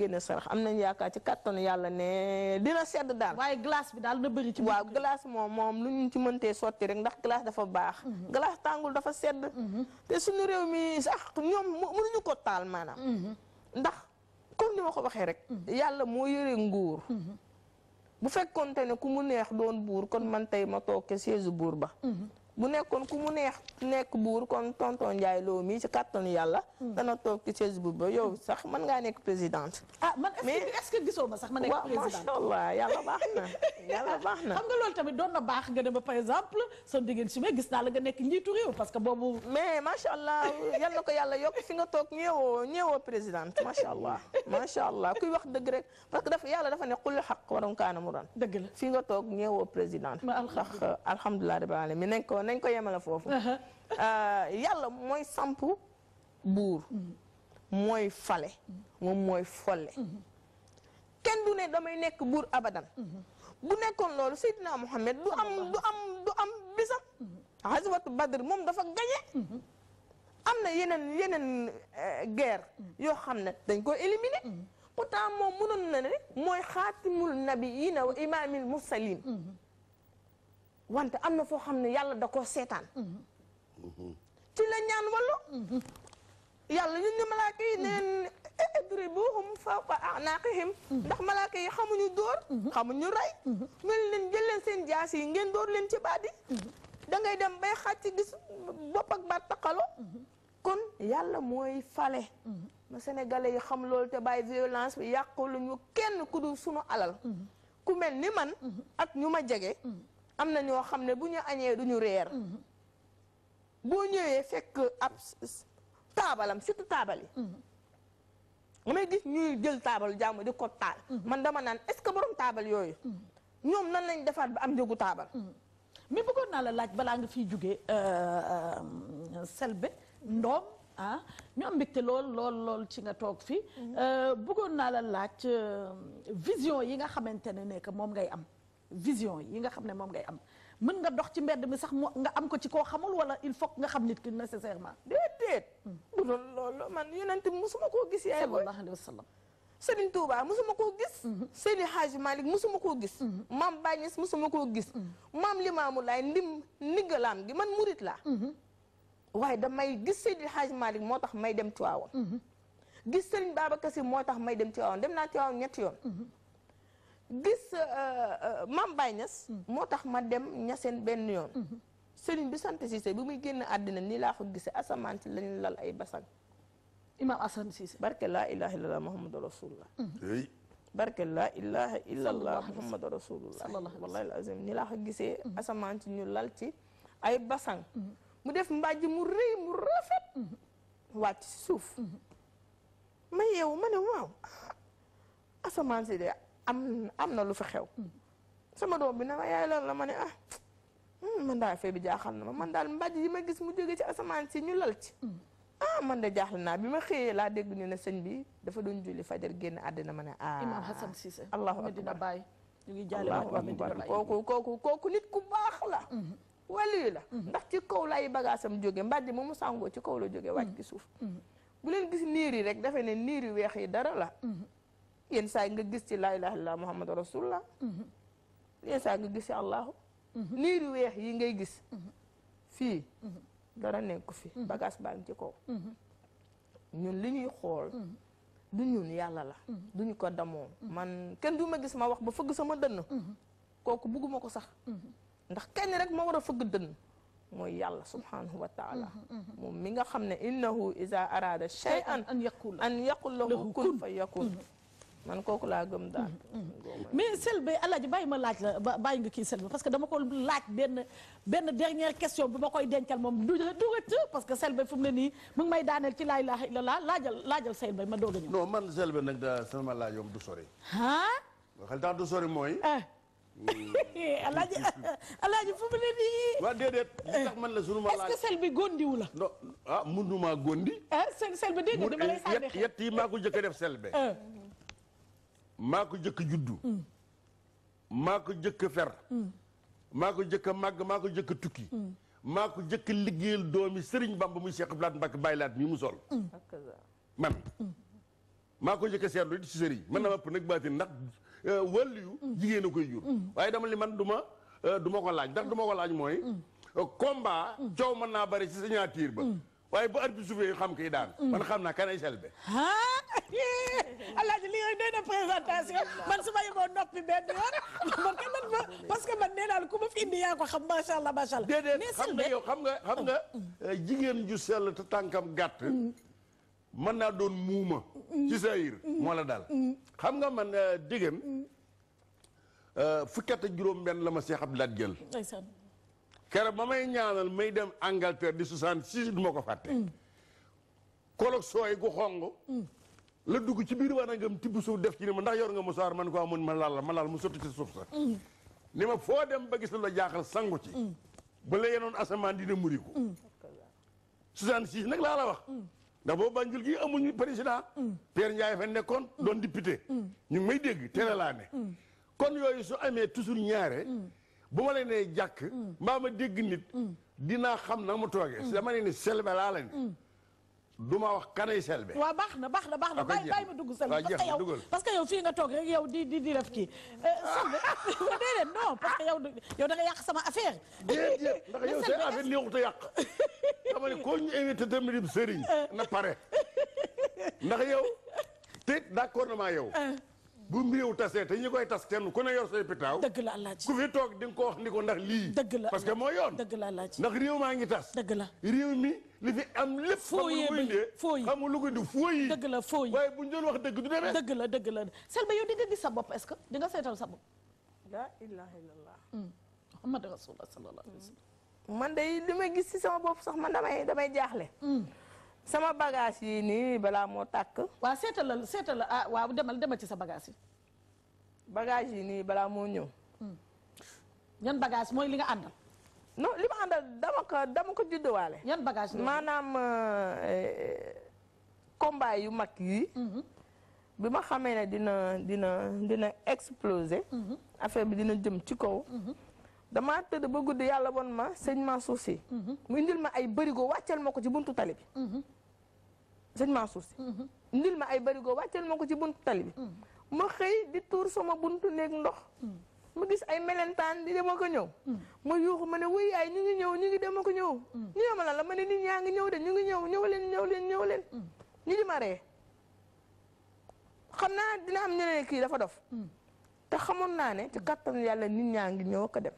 génne sarax am nañ yaakaar ci kattanu yàlla ne dina sedd daal. waaye glace bi daal na bëri ci. waaw glace moom moom lu ñu ci mëntee sotti rek ndax glace dafa baax. Mhm. glace tàngul dafa sedd. Mhm. te suñu réew mi sax ñoom mënuñu ko taal maanaam. Mhm. ndax comme ni ma ko waxee rek. yàlla moo yore nguur. bu fekkoonte ne ku mu neex doon buur kon man tey ma toog ke siège buur ba. bu nekkoon ku mu neex nekk buur kon tonton Ndiaye loo mii ci kattanu yàlla. Hmm. dana toog ci chaise bu ba yow sax man ngaa nekk présidente. ah man est-ce que gisoo ma sax ma nekk présidente waaw macha allah yàlla na baax na. xam nga loolu tamit doon baax nga dem ba par exemple son diggéen su gis naa la nekk parce que boobu. mais macha allah yal ko yàlla yokk fi nga toog ñeewoo ñeewoo présidente macha allah macha allah kuy wax dëgg rek parce que dafa yàlla dafa ne kul xaq waroon kaana mu doon. dëgg la fi nga toog ñeewoo présidente. ma alhamdulilah ndax alhamdulilah rabbil alamin nañ ko yemale foofu uh-huh. euh, yàlla mooy samp buur mooy fale moom mooy folle kenn du ne damay nekk buur abadan bu nekkoon loolu Seydina Muhammad du am du am du am bisam xaswatu Badr moom dafa gañe am na yeneen yeneen euh, guerre yoo xam ne dañ ko éliminer pourtant moom mënoon na ne mooy xaatimul nabiyina wa imaamil mursalin wante am na foo xam ne yàlla da ko seetaan ci la ñaan wallu yàlla ñun ne malaaka yi neen idribuhum fawqa a'naqihim ndax malaaka yi xamuñu dóor xamuñu rey ñu leen jël leen seen jaas yi ngeen dóor leen ci baat yi da ngay dem bay xàcc gis bopp ak baat taqalo kon yàlla mooy fale ma sénégalais yi xam loolu te bàyyi violence bi yàqu lu kenn ku dul sunu alal ku mel ni man ak ñu ma jege am na ñoo xam ne bu ñu añee duñu ñu reer boo ñëwee fekk am taabalam surtout taabal yi nga damay gis ñuy jël taabal jàmm di ko taal man dama naan est-ce que borom taabal yooyu ñoom nan lañ defaat ba am njëgu taabal mais bëggoon naa la laaj balaa nga fiy jóge euh, euh, Selbé Ndom ah ñu am lool lool lool ci nga toog fii mm-hmm. euh, bëggoon naa la laaj vision yi nga xamante ne nekk moom ngay am vision yi nga xam ne moom ngay am mën nga dox ci mbedd mi sax mu nga am ko ci koo xamul wala il faut nga xam nit ki nécessairement. déedéet. Hmm. bu noonu loolu man yonent musuma koo gis. yaay booy sallallahu alayhi wa sallam. Serigne Touba musuma koo gis. Hmm. Seydi Hadji Malick musuma koo gis. Hmm. maam Bañes musuma koo gis. maam Limaamu Laay ndim ndiggalaam gi man murit laa. waaye damay gis Seydi Hadji Malick moo tax may dem Tiwaawan. gis Serigne Babacar Sy moo tax may dem Tiwaawan dem naa Tiwaawan ñetti yoon. gis euh, euh, Mame Baye moo tax ma dem Niassène benn yoon mhm. sëriñ bi sant Cissé bi muy génn àddina nii laa ko gisee asamaan ci lañu lal ay basang imaam Assane Cissé barke laa ilaha illallah muhammadu rasulullah mhm. barke laa ilaha illallah muhammadu rasulullah wallahi alazim laa ko gisee mhm. asamaan ci ñu lal ci ay basang mu def mbàjj mu rëy mu rafet wàcc si suuf ma yeewu ma ne waaw ah, asamaan si de am am na lu fi xew hmm. sama doom bi na ma yaay lan la ma ne ah hmm, man daal fee bi jaaxal na ma man daal mbàjj yi ma gis mu jóge ci asamaan si ñu lal ci hmm. ah man de jaaxle naa bi ma xëyee laa dégg ne na sëñ bi dafa doon julli fajar génn àddina ma ne ah Imam Hassan Cissé allahu akbar ngi jaale kooku kooku kooku nit ku baax la waliyu la ndax ci kaw lay bagaasam jóge mbàjj mu sàngoo ci kaw la jóge wàcc ci suuf bu leen gis niir yi rek dafa ne niir yu weex yi dara la yenn saa nga gis ci laa ilaha illallah muhammadu rasulullah yenn saa nga gis ci allahu niir yu weex yi ngay gis fii dara nekku fi bagage baa ngi ci kaw ñun li ñuy xool du ñun yàlla la du ñu ko damoo man kenn du ma gis ma wax ba fëgg sama dënn kooku bugguma ko sax ndax kenn rek ma war a fëgg dënn mooy yàlla subhanahu wa taala moom mi nga xam ne innahu iza arada shay'an an yaqul lahu kun fa yakun man kooku laa gëm daal. Mm-hmm, mm-hmm. mais Selbé Alaaji bàyyi ma laaj la bàyyi nga kii Selbé parce que dama ko laaj benn benn dernière question bu ma koy dencal moom du du rëtt parce que Selbé fu mu nii mu ngi may daaneel ci laa ilaaha illallaah laajal laajal Selbé ma doog a ñëw. non man Selbé nag daa sama laaj yoom du sori. xel tax du sori mooy. Eh. Alaaji nii. ma ah, eh, lay sànni xel yett maa ko jëkk def Selbé. Eh. maa ko jëkk juddu mm. maa ko jëkk fer mm. maa ko jëkk a màgg maa ko jëkk tukki mm. maa ko jëkk liggéeyal doomi Sëriñ Bamba muy Cheikh Blaat Mbacke Baye Laat mi mu sol man maa ko jëkk a seetlu it si sëriñ man na ma ëpp nag baatin ndax euh, wàlliyu jigéen a koy jur waaye dama li man duma euh, duma ko laaj ndax du ko laaj mooy combat coow mën naa bari ci signature ba waaye bu at bi suufee xam kii daan. Mm. man xam naa kan ay selbe. ah alaaji li ngay doy na présentation man su ma yëgoon noppi benn yoon man kenn man ma parce que man nee xam macha allah xam nga yow xam nga xam nga. Mm. Euh, jigéen ju sell te tànkam gàtt. Mm. naa doon muuma. ci sa xam nga man euh, diggam euh, fukki juróom benn la ma Seex Abdu Laat jël. keroog ba may ñaanal may dem Angleterre di 66 du ma ko fàtte. Mm. kolog sooy gu xong. Mm. la dugg ci biir wanagam tibb suuf def ci ni ma ndax yor nga musaar man ko mun ma laal la ma laal mu sotti suuf sa. Mm. ni ma foo dem ba gis la jaaxal sangu ci. ba la yenoon asamaan dina muriku. 66 nag laa la wax. ndax boobu Banjul gi amuñu président. Pierre Ndiaye fa nekkoon doon député. ñu ngi may dégg télé laa kon yooyu su amee toujours ñaare. bu ma leen nee jàkk mm. mbaa ma dégg nit mm. dinaa xam na mu toogee mm. dama leen ni selbe laa leen du ma wax kanay selbe waaw baax na baax na baax na ah, bàyyi bàyyi ma dugg selbe parce que yow parce que yow fii nga toog rek yow di di di def kii euh, selbe yàq sama affaire déedéet ndax yow say affaire neexut a yàq dama ne koo euh. na pare ndax yow te d'accord na maa yow euh. bu mbiréew tasee ta ñi koy tas kenn ku ne yor say pitaaw dëgg la alaaji ku fi toog di nga ko wax ni ko ndax lii dëgg la parce que moo yoon dëgg la alaaji ndax réew maa ngi tas dëgg la réew mi lu ko di fooyi dëgg la fooyi waaye bu ñu wax dëgg du demee dëgg la dëgg la Selbé yow di nga gis sa bopp est-ce que di nga seetal sa bopp la ilaha illallah hmm. muhammad rasulullah sallallahu alayhi wa hmm. man day li may gis ci sama bopp sax man damay damay jaaxle hmm. sama bagage yi nii balaa moo takk tàkk. waaw seetalal seetalal ah waaw demal demal ci sa bagage yi. bagage yi nii balaa moo ñëw. ñan hmm. bagage mooy li nga àndal. non li ma àndal dama ko dama ko juddewaale. yan bagage maanaam eh, combat yu mag yi. Hmm. bi ma xamee ne dina dina dina exploser. Hmm. affaire bi dina jëm ci kaw. damaa tëdd ba guddi yàlla won ma señement Mansour si. Mhm. mu indil ma ay bërigo wàcceel ma ko ci buntu tali bi. Mhm. sëñ Mansour si. Mhm. indil ma ay bërigo wàcceel ma ko ci buntu tali ma xëy di tuur sama buntu nekk ndox. ma gis ay melentaan di dama ko ñëw. ma yuuxu ma ne wuy ay ñu ngi ñëw ñu ngi dama ko ñëw. ñu ne ma la ma nit ñaa ngi ñëw de ñu ngi ñëw ñëw leen ñëw leen ñëw leen. ñu di ma ree xam naa dina am ñeneen kii dafa dof. te xamoon naa ne ci kattan yàlla nit ñaa ngi ñëw ko dem.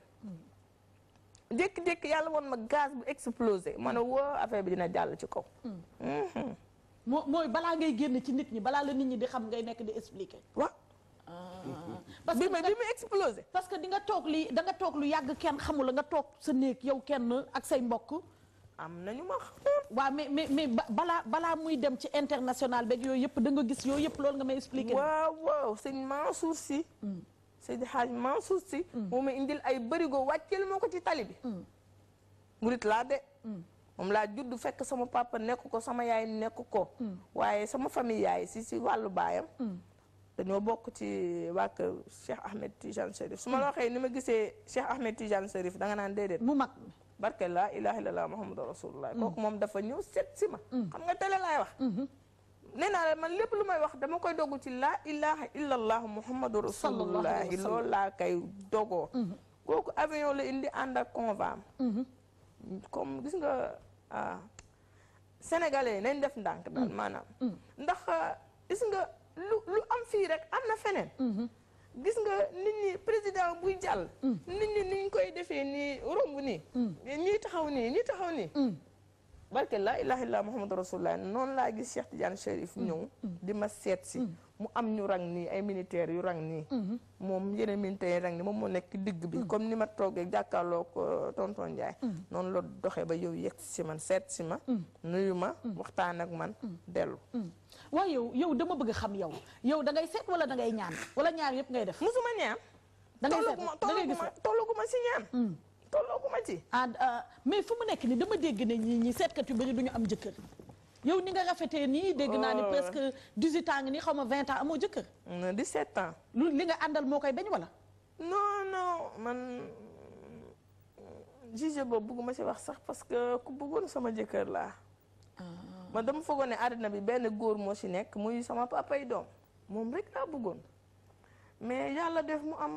jékki-jékki yàlla woon ma gaz bu explosé ma ne woo affaire bi dina jàll ci kaw. Mm-hmm. moo mooy balaa ngay génn ci nit ñi balaa la nit ñi di xam ngay nekk di expliquer. waaw. Ah. parce que bi ma bi ma explosé. parce que di nga toog li da toog lu yàgg kenn xamul la nga toog sa néeg yow kenn ak say mbokk. am nañu ma waaw mais mais mais balaa balaa muy dem ci international beeg yooyu yëpp da nga gis yooyu yëpp loolu nga may expliquer. waaw waaw sëñ Mansour si. Seydi Hadj Mansour si. Mm. moo ma indil ay bërigo wàcceel moo ko ci tali bi. Mm. murit laa de. Mm. moom laa judd fekk sama papa nekk ko sama yaay nekk ko. waaye sama famille yaay si si wàllu baayam. dañoo bokk ci waa kër Cheikh Ahmed Tijane Serif su ma la waxee ni ma gisee Cheikh Ahmed Tijane Serif danga naan déedéet. mu mag barke laa la illallaah Muhammadu Rasulullah. kooku moom dafa ñëw seet si ma. xam nga tele laay wax. Mm-hmm. nee naa la man lépp lu may wax dama koy dogu ci laa ilaha illallah muhammadu rasulullahi loolu laa kay dogoo mhm. kooku avion la indi ànd ak convoi mhm. comme gis nga ah, sénégalais nañ def ndànk daal mhm. maanaam ndax ah, gis nga lu am fii rek am na feneen gis nga nit ñi président buy jàll nit ñi niñ koy defee nii romb nii ñi taxaw nii ñii taxaw ni barke laa ilaaha illallaah muhammadu rasulullah noonu laa gis Cheikh Tidiane Chérif mm. ñëw mm. di ma seet si mm. mu am ñu rang nii ay militaires yu rang nii mm-hmm. moom yeneen militaires yu rang nii moom moo nekk digg bi comme ni ma toogee jàkkaarloo ko euh, tonton Ndiaye noonu la doxee ba yow yegg si man seet si ma nuyu ma waxtaan ak man dellu waaw yow yow dama bëgg xam yow yow da ngay seet wala da ngay ñaan wala ñaar yëpp ngay def musuma ñaan da ngay si ñaan tolloogu ma ci ah, ah mais fu mu nekk nii dama dégg ne ñii ñi seetkat yu bëri du ñu am jëkkër yow ni nga rafetee nii dégg naa ni oh. presque 18 ans ngi nii xaw ma 20 ans amoo jëkkër 17 mm, ans lu li nga àndal moo koy bañ wala non non man mm, jige boobu bugguma ci wax sax parce que ku bëggoon sama jëkkër laa ah. man dama foogoon ne àddina bi benn góor moo ci nekk muy sama papay doom moom rek laa bëggoon mais yàlla def mu am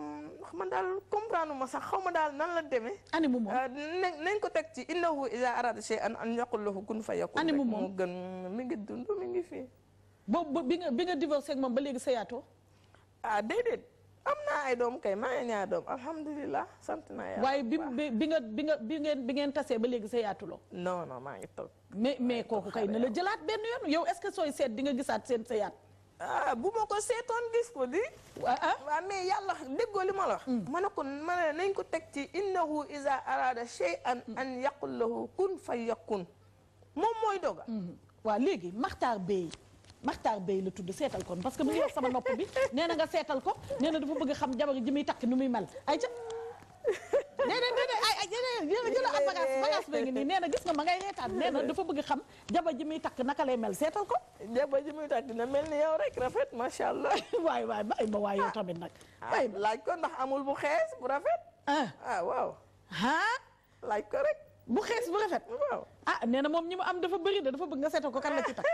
man daal comprendre ma sax xaw ma daal nan la demee. ani mu moom euh, nañ ko teg ci innahu iza arada shay'an an yaqul lahu kun fayakun. ani mu moom gën mi ngi dund mi ngi fii. boobu bi nga bi nga divorcé ak moom ba léegi sëyaatoo. ah déedéet am naa ay doom kay maa ngi ñaar doom alhamdulilah sant naa yàlla. waaye bi bi nga bi nga bi ngeen bi ngeen tasee ba léegi sëyaatuloo. non non maa ngi toog. mais mais kooku kay na la jëlaat benn yoon yow est-ce que sooy seet di nga gisaat seen Ah, bu ma ko seetoon gis ko di. Ah, ah. waaw mais yàlla déggoo li ma la wax. Hmm. ma ne ko ma ne nañ ko teg ci innahu iza arada shay'an hmm. an yaqul lahu kun fa yakun moom mooy doga hmm. waaw léegi maxtaar bay maxtaar bay la tudd seetal ko parce que mu ngi wax sama nopp bi nee nga seetal ko nee na dafa bëgg xam jabar ji muy takk nu muy mel ay ca déedéet déedéet ay ay déedéet jëla ab bagage bagage ba ngi nii nee na gis nga ma ngay reetaan nee na dafa bëgg xam jaba ji muy takk naka lay mel seetal ko jaba ji muy takk dina mel ni yow rek rafet macha allah waay waay bàyyi ma waay yow tamit nag ah, waay laaj ko ndax amul bu xees bu rafet ah, ah waaw ah laaj ko rek bu xees bu rafet waaw ah nee na moom ñi mu am dafa bëri de dafa bëgg nga seetal ko kan la ci takk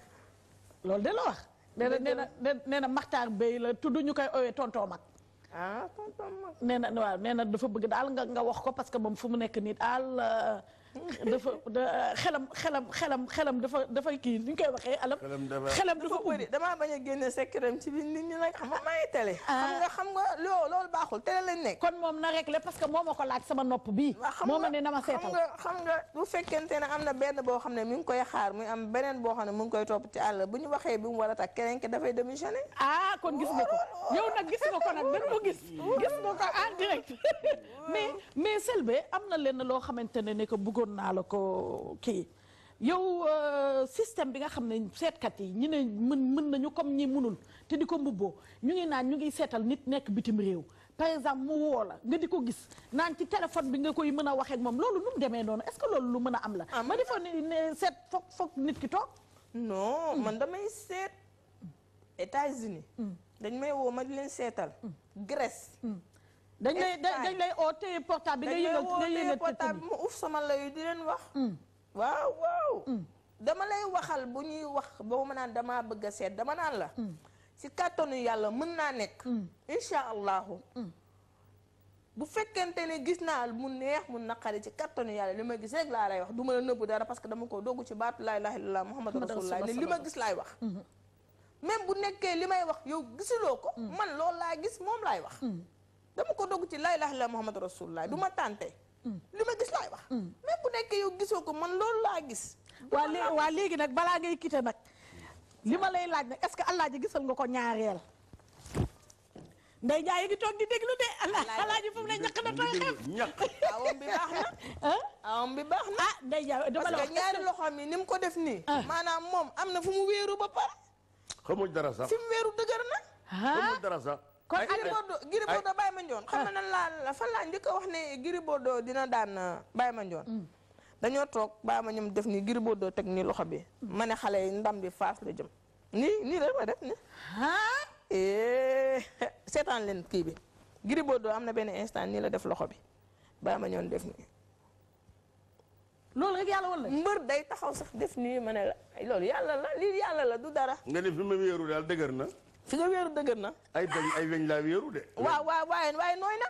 loolu de la wax nee na nee na nee na maxtaar bay la tudd ñu koy owee tontoo mag ah tonton Max nee na waaw nee na dafa bëgg daal nga nga wax ko parce que moom fu mu nekk nii daal. Euh, dafa xelam xelam xelam xelam dafa dafa kii ni ñu koy waxee alam. xelam dafa bëri damaa bañ a génne sekkiram ci biir nit ñi nag xam nga ah. xam nga xam nga loolu baaxul télé lañ nekk. kon moom na réglé parce que moo ma ko laaj sama nopp bii. moo ma ne na ma seetal bu fekkente ne am na benn boo xam ne mi ngi koy xaar muy am beneen boo xam ne mu ngi koy topp ci àll bu ñu waxee bi mu war a takk keneen ki dafay démissionné. ah kon gis nga ko oh, oh, oh. yow nag gis nga ko nag gën ko gis. bëggoon naa la ko kii yow euh, système bi nga xam ne seetkat yi ñu ne mën mën nañu comme ñi mënul te di ko mbubboo ñu ngi naan ñu ngi seetal nit nekk bitim réew par exemple mu woo la nga di ko gis naan ci téléphone bi nga koy mën a waxee moom loolu nu mu demee noonu est que loolu lu mën a am la. Ah, ma di fa ne seet foog foog nit ki toog. non mm. man damay seet mm. États-Unis mm. dañ may woo ma di leen seetal. Grèce. dañ lay dañ lay oo téye portable bi nga yëngal nga yëngal portable bi mu uuf sama layu di leen wax mm. waaw waaw mm. dama lay waxal bu ñuy wax boo ma naan damaa bëgg a seet dama naan la ci mm. kàttanu yàlla mën naa nekk incha allahu bu fekkente ne gis naa mu neex mu naqari ci kattanu yàlla li ma gis rek laa lay wax du ma la nëbbu dara parce que dama ko dogg ci baatu laa ilaaha illallaah muhammad rasulullah ne li ma gis laay wax mm-hmm. même bu nekkee li may wax yow gisuloo ko man loolu laa gis moom laay wax dama ko dogg ci laa ilaaha illallaah muhammad rasulullah du ma tànte li ma gis laay wax mm. même bu nekkee yow gisoo ko man loolu laa gis waa léegi waa léegi nag balaa ngay quitté nag li ma lay laaj nag est-ce que Alaaji gisal nga ko ñaareel nday Njaay ngi toog di déglu de Alaaji fu mu ne ñaq na tooy xef ñaq bi baax na awam bi baax na ah nday Njaay dama la wax parce que ni mu ko def nii ah. maanaam moom am na fu mu wéeru ba pare xamul dara sax fi mu wéeru dëgër na ah. kon Gris Bordeaux Gris Bordeaux Baye Mandione xam nga nan laa fan laa njëkk a wax ne Gris Bordeaux dina daan euh, Baye Mandione mm. dañoo toog baa ma Mandione def ni Gris Bordeaux teg ni loxo bi mm. ma ne xale yi ndam bi faas la jëm nii nii la def ni eh, leen kii bi Gris Bordeaux am na benn instant nii la def loxo bi Baye Mandione def nii loolu rek yàlla wala mbër day taxaw sax def nii ma ne la loolu yàlla la lii yàlla la du dara nga ne fi ma wéeru daal dëgër na fi nga wéeru dëgër na. ay bañ ay weñ laa wéeru de. waaw waaw waaye waaye nooy na.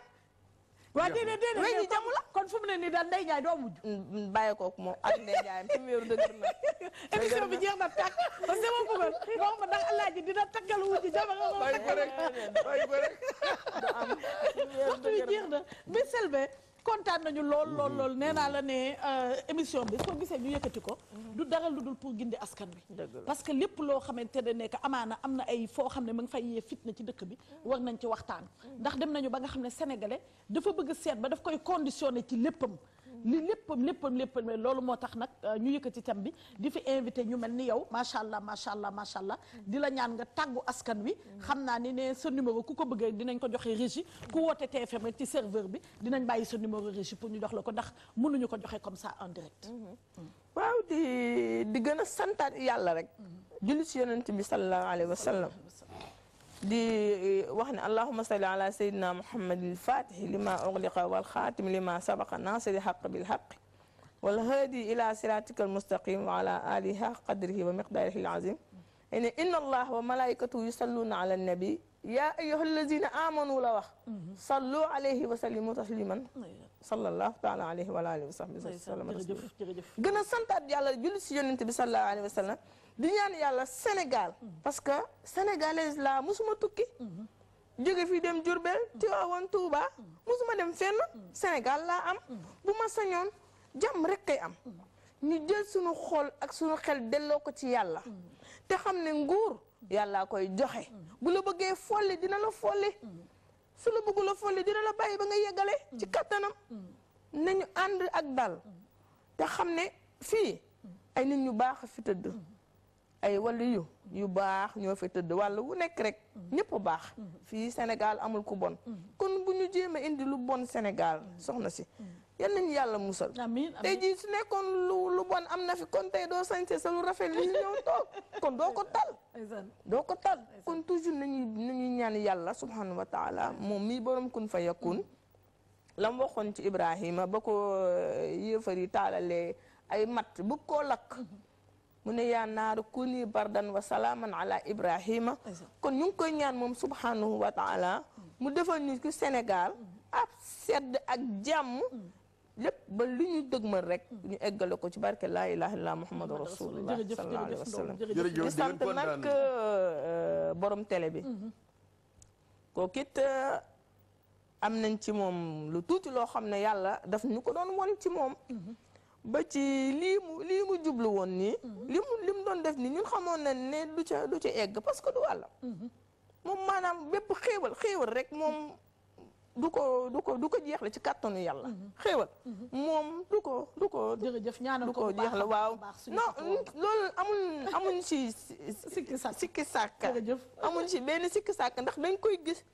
waaw déedéet déedéet weñ jamu la kon fu ne nii daal Ndeye doo mujj. Mm, mm, bàyyi ko moom ak Ndeye Ndiaye fi mu wéeru dëgër na. émission bi jeex na tàkk parce que ma bëggoon wax ma ndax dina tàggal wujj jabar ko rek bàyyi waxtu bi jeex na bi Selbé kontaan nañu lool lool lool mm-hmm. nee naa la ne euh, émission bi soo gisee ñu yëkkati ko mm-hmm. du dara lu dul pour gindi askan bi parce que lépp loo xamante ne nekk amaana am na ay foo xam ne ma ngi fay yee fitna ci dëkk bi mm-hmm. war nañ ci waxtaan ndax dem nañu ba nga xam ne sénégalais dafa bëgg seet ba daf koy conditionné ci léppam li léppam léppam léppam loolu moo tax nag euh, ñu yëkkati thème bi di fi invité ñu mel ni yow macha allah macha allah macha allah mm. di la ñaan nga tàggu askan wi. Mm. xam naa ni ne sa numéro ku ko bëggee dinañ ko joxe régie ku woote TFM rek ci serveur bi dinañ bàyyi sa numéro régie pour ñu jox la ko ndax mënuñu ko joxe comme ça en direct. Mm-hmm. Mm. waaw di di gën a santaat yàlla rek. julli ci yonent bi sallallahu alayhi wa sallam. di e, wax ne allahuma salli ala sayyidina muhammadil fatihi lima ughliqa wal xaatimi lima sabaqa nasiri xaq bil xaq wal haadi ila siratika al mustaqim wa ala alihi qadrihi wa miqdaarihi al azim ene inna allah wa malaikatahu yusalluna ala nabi yaa ayyuha allazina amanu la wax sallu alayhi wa sallimu tasliman sallallahu taala alayhi wa alihi wa sahbihi wa sallam gën a santaat yàlla julli si yonente bi sallallahu alayhi wa sallam di ñaan yàlla Sénégal mm-hmm. parce que sénégalaise la musuma tukki mm-hmm. jóge fii dem Diourbel mm-hmm. Tivaouane Touba musuma dem fenn Sénégal laa am bu ma sañoon jàmm rek kay am ñu jël suñu xool ak suñu xel delloo ko ci yàlla te xam ne nguur yàllaa koy joxe bu la bëggee folli dina la folli su la bëggula folli dina la bàyyi ba nga yeggale ci kattanam nañu ànd ak dal te xam ne fii ay nit ñu baax a fi tëdd ay waliyu yu baax ñoo fi tëdd walla wu nekk rek ñépp baax fii Sénégal amul ku bon kon bu ñu jéem a indi lu bon Sénégal soxna si yal nañu yàlla musal amiin tey jii su nekkoon lu lu bon am na fi kon tey doo sañse sa lu rafet li ñëw toog kon doo ko tal doo ko tal kon toujours nañuy nañuy ñaan yàlla subhanahu wa taala moom mii boroom kun fa yakun la mu waxoon ci Ibrahima ba ko euh, yéefar yi taalalee ay matt bu koo lakk mu ne yaa naaru kuni bardan wa salaaman ala ibrahima kon ñu ngi koy ñaan moom subhanahu wa taala mu defal ñu ci Sénégal ab sedd ak jàmm lépp ba lu ñu dëgmal rek ñu eggale ko ci barke laa ilaha illallah muhammadu rasulullah la alayhi wa sallam di sant nag euh, borom télé bi mhm. kooku it euh, am nañ ci moom lu tuuti loo xam ne yàlla daf ñu ko doon won ci moom mhm. ba ci lii mu lii mu jublu woon nii mhm. li mu li mu doon def nii ñun xamoon nañ ne du ca du ca egg parce que du wàlla mhm. moom maanaam bépp xéewal xéewal rek moom du ko du ko du ko jeexle ci kàttanu yàlla mhm. xéewal moom du ko du ko jërëjëf ñaanal ko jeexle waaw non loolu amul amuñ ci sikki sàkk sikki sàkk amuñ ci benn sikki sàkk ndax dañ koy gis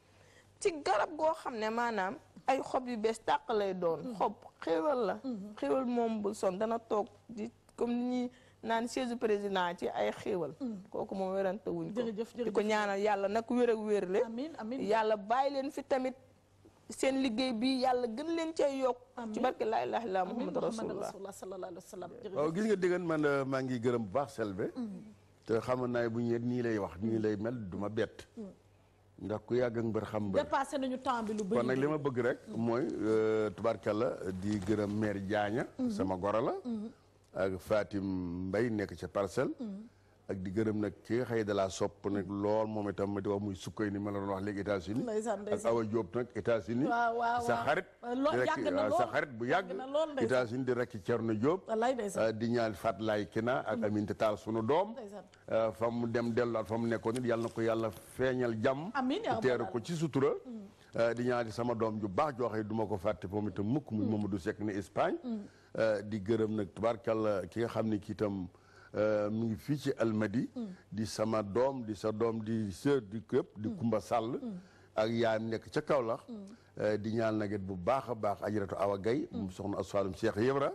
ci garab goo xam ne maanaam ay xob yu bees tàq lay doon mm-hmm. xob xéwal la mm-hmm. xéwal moom bu son dana toog di comme ni ñuy naan siège président ci ay xéwal mm-hmm. kooku moom werante wuñ ko di ko ñaanal yàlla nag wér ak wér le amiin amiin yàlla bàyyi leen fi tamit seen liggéey bi yàlla gën leen cee yokk ci barke laa ilaaha illallaa muhammad rasulullah sallallahu alayhi wa sallam gis nga déggan man euh, maa ngi gërëm bu baax Selbé te xam naa bu ñëwee nii lay wax nii lay mel du ma bett ndax ku yàgg ak mbër xam mbër dépassé nañu temps bi lu bëri kon nag li ma bëgg rek mooy euh, tubaarkàlla di gërëm mère Diagne mhm. sama goro la mhm. ak Fatim mbay nekk ci parcelle mhm. ak di gërëm nag ki nga xëy da laa sopp nag lool moom itam ma di wax muy sukkay ni ma la wax léegi États-Unis ak Awa Diop nag États-Unis sa xarit ah, sa xarit bu yàgg États-Unis di rekk Thierno Diop ah, di ñaan Fat Laye Kina ak mhm. Aminata Tall sunu doom ah, fa mu dem delluwaat fa mu nekkoon it yàlla na ko yàlla feeñal jàmm teeru ko ci sutura mhm. di ñaari sama doom ju baax joo duma du ma ko fàtte moom itam mukk muy mhm. du Seck ne Espagne di gërëm nag tubaarkàlla ki nga xam ne kii itam Euh, mu ngi fii ci Almadi mm. di sama doom di sa doom di sœur du képp di mm. Kumba sàll mm. ak yaayam nekk ca Kaolack euh, di ñaan naget bu baax a baax ajaratu Awa Gaye mu soxna asfaalum Cheikh Yebra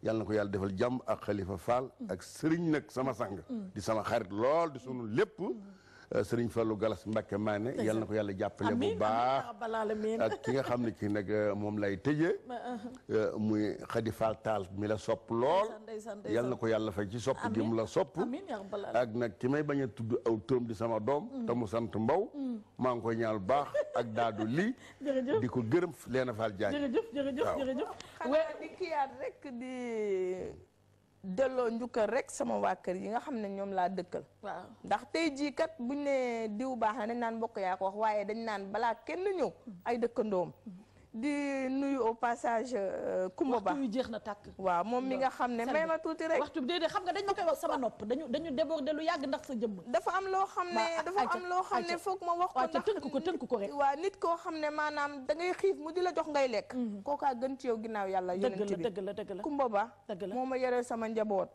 yàlla na ko yàlla defal jàmm ak Khalifa Fall ak sëriñ nag sama sang di sama xarit lool di sunu lépp Euh, sëriñ Fallou Galas Mbacke Mané yal na ko yàlla jàppale bu baax ak ki nga xam ne ki nag euh, moom lay tëjee uh-huh. euh, muy Khady Fall Tall mi la sopp lool yal na ko yàlla fa ci sopp gi mu la sopp ak nag ki may bañ tudd aw turam di sama doom mm. te mu sant mbaw mm. maa ngi koy ñaal baax ak daadu lii di ko gërëm leena Fall Diagne delloo njukkal rek sama waa kër yi nga xam ne ñoom laa dëkkal. waaw ndax tey jii kat buñ ne diw baax na dañ naan mbokk yaa ko wax waaye dañ naan balaa kenn ñëw ay dëkkandoom di nuyu au passage. Kumba euh, Ba jeex na tàkk. waaw moom mi nga xam ne may ma tuuti rek. waxtu bi déedéet xam nga dañ ma koy wax sama nopp dañu dañu lu yàgg ndax sa jëmm. dafa am loo xam ne dafa am loo xam ne foog ma wax ko ndax tënk ko tënk ko rek. nit koo xam ne maanaam da ngay xiif mu di la jox ngay lekk. Mhm. kookaa gën ci yow ginnaaw yàlla yonent bi dëgg la dëgg la Kumba Ba. dëgg la moo ma yore sama njaboot.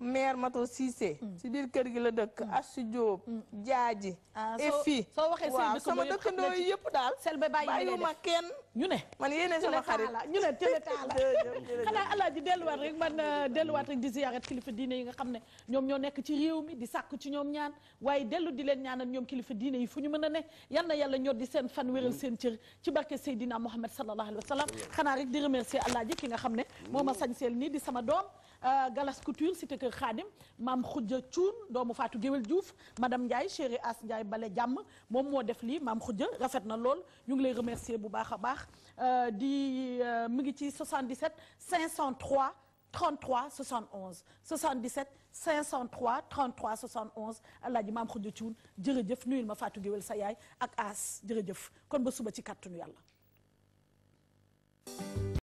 mère Mato Cissé. si mhm. biir kër gi la dëkk mhm. Assu Diop. Jaaji. ah soo soo waxee seen dëkk mooy yëpp daal sama dëkkandoo yëpp daal kenn ñu ne. man yéene sama xarit ñu ne télé taala xanaa alaaji delluwaat rek man euh, delluwaat rek di ziyaaret kilifa diine yi nga xam ne ñoom ñoo nekk ci réew mi di sàkk ci ñoom ñaan waaye dellu di leen ñaanal ñoom kilifa diine yi fu ñu mën a ne yal na yàlla ñor di seen fan wéral seen cër ci barke Seydina Muhammad sallallahu alayhi wa salaam xanaa rek di remercier alaaji ki nga xam ne moo ma sañseel nii di sama doom Euh, Galas Couture cité Kër Xaadim maam Khoudia Thioune doomu faatu Géwél Diouf madame Ndiaye chéri As Ndiaye Bale jàmm moom moo def lii maam Khoudia rafet na lool ñu ngi lay remercier bu baax a baax euh, di euh, mu ngi ci 77 503 33 71 77 503 33 71 alaaji maam Khoudia Thioune jërëjëf nuyul ma Fatou Géwél sa yaay ak As jërëjëf kon ba suba ci kàttanu yàlla.